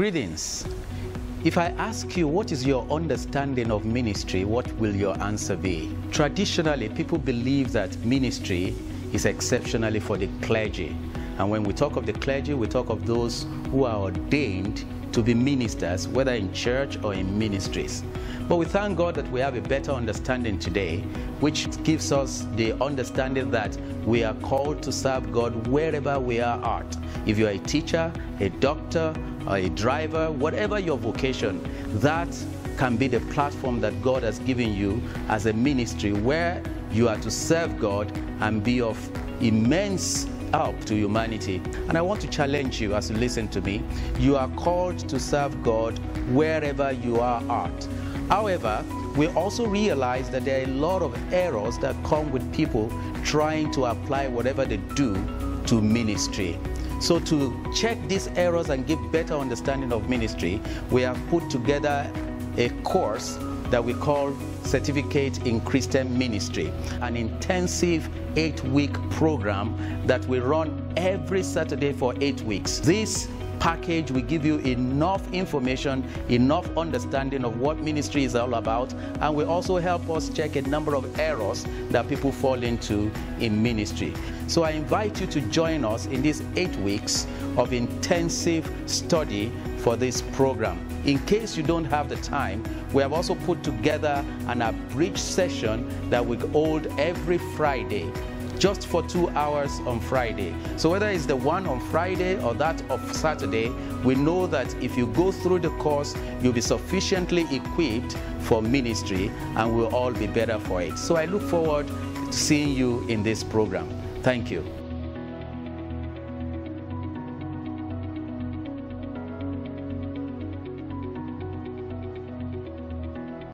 Greetings. If I ask you what is your understanding of ministry, what will your answer be? Traditionally, people believe that ministry is exceptionally for the clergy. And when we talk of the clergy, we talk of those who are ordained to be ministers, whether in church or in ministries. But we thank God that we have a better understanding today, which gives us the understanding that we are called to serve God wherever we are at. If you're a teacher, a doctor, a driver, whatever your vocation, that can be the platform that God has given you as a ministry where you are to serve God and be of immense help to humanity. And I want to challenge you as you listen to me. You are called to serve God wherever you are at. However, we also realize that there are a lot of errors that come with people trying to apply whatever they do to ministry. So to check these errors and give better understanding of ministry, we have put together a course that we call Certificate in Christian Ministry, an intensive eight-week program that we run every Saturday for eight weeks. This package. We give you enough information, enough understanding of what ministry is all about, and we also help us check a number of errors that people fall into in ministry. So I invite you to join us in these eight weeks of intensive study for this program. In case you don't have the time, we have also put together an abridged session that we hold every Friday just for two hours on Friday. So whether it's the one on Friday or that of Saturday, we know that if you go through the course, you'll be sufficiently equipped for ministry and we'll all be better for it. So I look forward to seeing you in this program. Thank you.